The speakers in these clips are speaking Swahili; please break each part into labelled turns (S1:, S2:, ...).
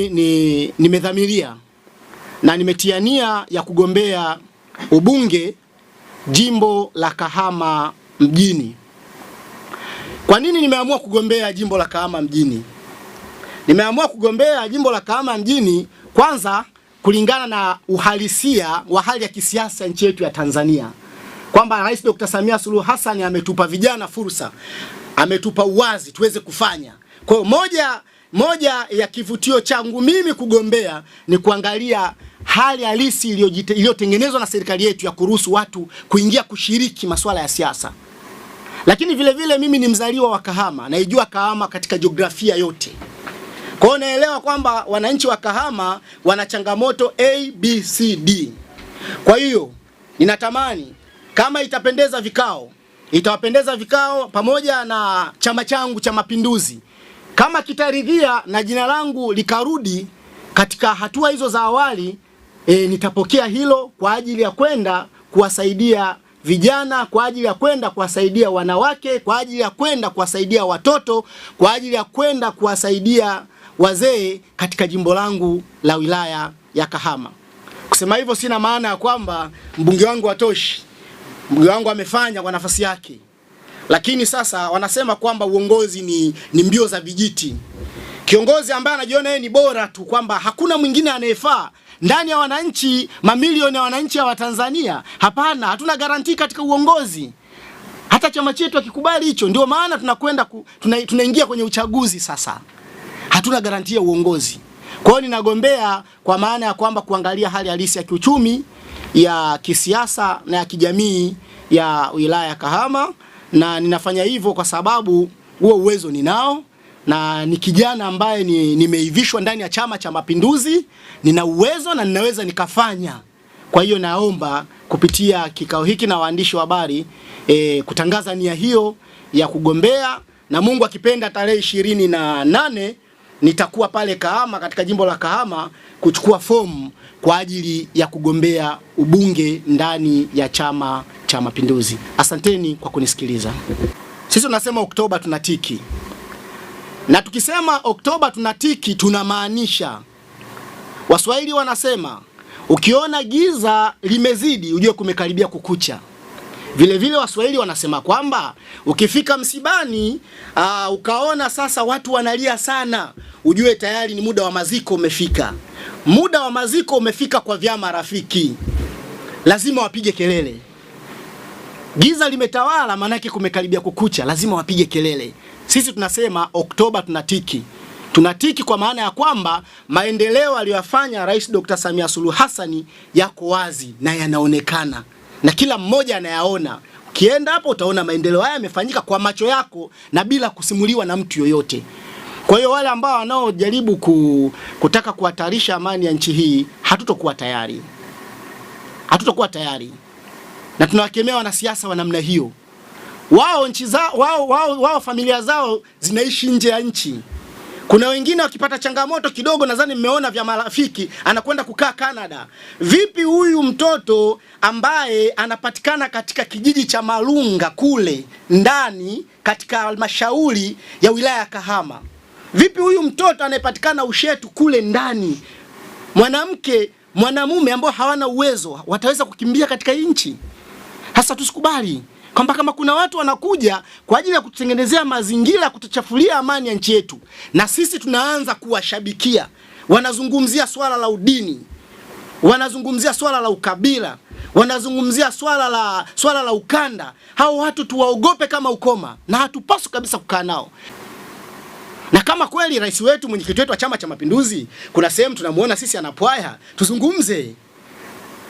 S1: Ni nimedhamiria na nimetia nia ya kugombea ubunge jimbo la Kahama mjini. Kwa nini nimeamua kugombea jimbo la Kahama mjini? Nimeamua kugombea jimbo la Kahama mjini kwanza kulingana na uhalisia wa hali ya kisiasa nchi yetu ya Tanzania, kwamba Rais Dr. Samia Suluhu Hassan ametupa vijana fursa, ametupa uwazi tuweze kufanya. Kwa hiyo moja moja ya kivutio changu mimi kugombea ni kuangalia hali halisi iliyotengenezwa na serikali yetu ya kuruhusu watu kuingia kushiriki masuala ya siasa. Lakini vile vile mimi ni mzaliwa wa Kahama, naijua Kahama katika jiografia yote. Kwa hiyo naelewa kwamba wananchi wa Kahama wana changamoto A, B, C, D. Kwa hiyo ninatamani kama itapendeza vikao, itawapendeza vikao pamoja na chama changu cha Mapinduzi kama kitaridhia na jina langu likarudi katika hatua hizo za awali e, nitapokea hilo kwa ajili ya kwenda kuwasaidia vijana, kwa ajili ya kwenda kuwasaidia wanawake, kwa ajili ya kwenda kuwasaidia watoto, kwa ajili ya kwenda kuwasaidia wazee katika jimbo langu la wilaya ya Kahama. Kusema hivyo sina maana ya kwamba mbunge wangu hatoshi. Mbunge wangu amefanya kwa nafasi yake. Lakini sasa wanasema kwamba uongozi ni, ni mbio za vijiti. Kiongozi ambaye anajiona yeye ni bora tu kwamba hakuna mwingine anayefaa ndani ya wananchi, mamilioni ya wananchi wa Tanzania. Hapana, hatuna garantii katika uongozi. Hata chama chetu akikubali hicho, ndio maana tunakwenda tunaingia tuna kwenye uchaguzi sasa, hatuna ya uongozi. Kwa hiyo ninagombea kwa maana ya kwamba kuangalia hali halisi ya kiuchumi, ya kisiasa na ya kijamii ya wilaya ya Kahama na ninafanya hivyo kwa sababu huo uwezo ninao na ni kijana ambaye nimeivishwa ni ndani ya Chama cha Mapinduzi, nina uwezo na ninaweza nikafanya. Kwa hiyo naomba kupitia kikao hiki na waandishi wa habari e, kutangaza nia hiyo ya kugombea na Mungu akipenda tarehe ishirini na nane nitakuwa pale Kahama katika jimbo la Kahama kuchukua fomu kwa ajili ya kugombea ubunge ndani ya Chama cha Mapinduzi. Asanteni kwa kunisikiliza. Sisi tunasema Oktoba tunatiki, na tukisema Oktoba tunatiki tunamaanisha, Waswahili wanasema ukiona giza limezidi ujue kumekaribia kukucha. Vilevile Waswahili wanasema kwamba ukifika msibani aa, ah, ukaona sasa watu wanalia sana, ujue tayari ni muda wa maziko umefika. Muda wa maziko umefika kwa vyama rafiki, lazima wapige kelele. Giza limetawala, maanake kumekaribia kukucha, lazima wapige kelele. Sisi tunasema Oktoba tunatiki tunatiki kwa maana ya kwamba maendeleo aliyoyafanya Rais Dr. Samia Suluhu hasani yako wazi na yanaonekana na kila mmoja anayaona. Ukienda hapo utaona maendeleo haya yamefanyika kwa macho yako na bila kusimuliwa na mtu yoyote. Kwa hiyo wale ambao wanaojaribu ku, kutaka kuhatarisha amani ya nchi hii hatutokuwa tayari, hatutokuwa tayari, na tunawakemea wanasiasa wa namna hiyo. Wao nchi zao, wao, wao, wao familia zao zinaishi nje ya nchi. Kuna wengine wakipata changamoto kidogo, nadhani mmeona vya marafiki, anakwenda kukaa Canada. Vipi huyu mtoto ambaye anapatikana katika kijiji cha Malunga kule ndani katika halmashauri ya wilaya ya Kahama? Vipi huyu mtoto anayepatikana Ushetu kule ndani, mwanamke mwanamume ambao hawana uwezo wataweza kukimbia katika nchi? Hasa tusikubali kwamba kama kuna watu wanakuja kwa ajili ya kutengenezea mazingira kutuchafulia amani ya nchi yetu, na sisi tunaanza kuwashabikia. Wanazungumzia swala la udini, wanazungumzia swala la ukabila, wanazungumzia swala la swala la ukanda. Hao watu tuwaogope kama ukoma, na hatupaswi kabisa kukaa nao na kama kweli rais wetu mwenyekiti wetu wa Chama cha Mapinduzi, kuna sehemu tunamuona sisi anapwaya, tuzungumze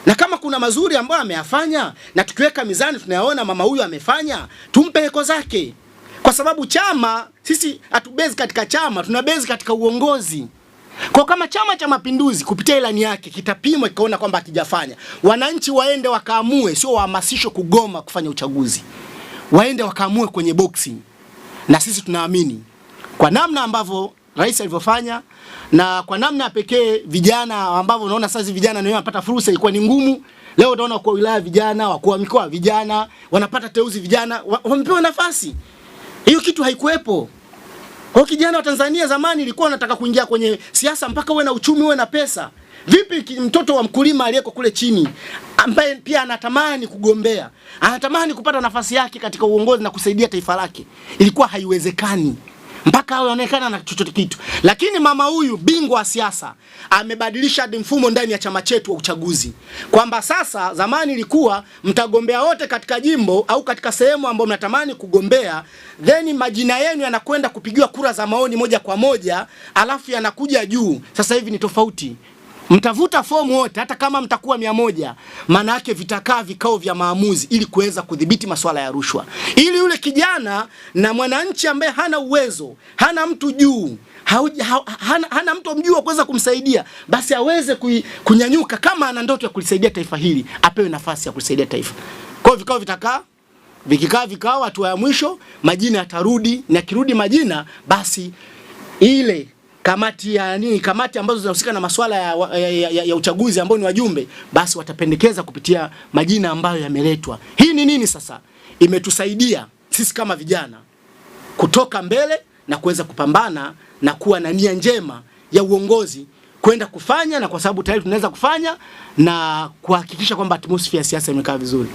S1: na kama kuna mazuri ambayo ameyafanya na tukiweka mizani tunayaona mama huyu amefanya, tumpe heko zake, kwa sababu chama sisi hatubezi katika chama, tunabezi katika uongozi. Kwa kama Chama cha Mapinduzi kupitia ilani yake kitapimwa kikaona kwamba akijafanya, wananchi waende wakaamue, sio wahamasishwe kugoma kufanya uchaguzi, waende wakaamue kwenye boxing. na sisi tunaamini kwa namna ambavyo rais alivyofanya, na kwa namna pekee vijana ambavyo unaona sasa vijana ndio wanapata fursa, ilikuwa ni ngumu. Leo utaona kwa wilaya vijana, wakuu wa mikoa vijana, wanapata teuzi vijana, wamepewa nafasi hiyo, kitu haikuwepo. Kwa kijana wa Tanzania zamani ilikuwa anataka kuingia kwenye siasa mpaka uwe na uchumi uwe na pesa. Vipi mtoto wa mkulima aliyeko kule chini ambaye pia anatamani kugombea, anatamani kupata nafasi yake katika uongozi na kusaidia taifa lake? Ilikuwa haiwezekani mpaka aonekana na chochote kitu. Lakini mama huyu bingwa wa siasa amebadilisha hadi mfumo ndani ya chama chetu wa uchaguzi, kwamba sasa, zamani ilikuwa mtagombea wote katika jimbo au katika sehemu ambayo mnatamani kugombea, then majina yenu yanakwenda kupigiwa kura za maoni moja kwa moja, alafu yanakuja juu. Sasa hivi ni tofauti. Mtavuta fomu wote hata kama mtakuwa mia moja, maana yake vitakaa vikao vya maamuzi ili kuweza kudhibiti masuala ya rushwa, ili yule kijana na mwananchi ambaye hana uwezo, hana mtu juu ha, hana, hana mtu mjuu wa kuweza kumsaidia, basi aweze kunyanyuka. Kama ana ndoto ya kulisaidia taifa hili, apewe nafasi ya kulisaidia taifa. Kwa hiyo vikao vitakaa vikikaa vikao, hatua ya mwisho majina yatarudi, na kirudi majina basi ile kamati ya nini, kamati ambazo zinahusika na masuala ya, ya, ya, ya uchaguzi ambao ni wajumbe, basi watapendekeza kupitia majina ambayo yameletwa. Hii ni nini sasa? Imetusaidia sisi kama vijana kutoka mbele na kuweza kupambana na kuwa na nia njema ya uongozi kwenda kufanya, na kwa sababu tayari tunaweza kufanya na kuhakikisha kwamba atmosphere ya siasa imekaa vizuri.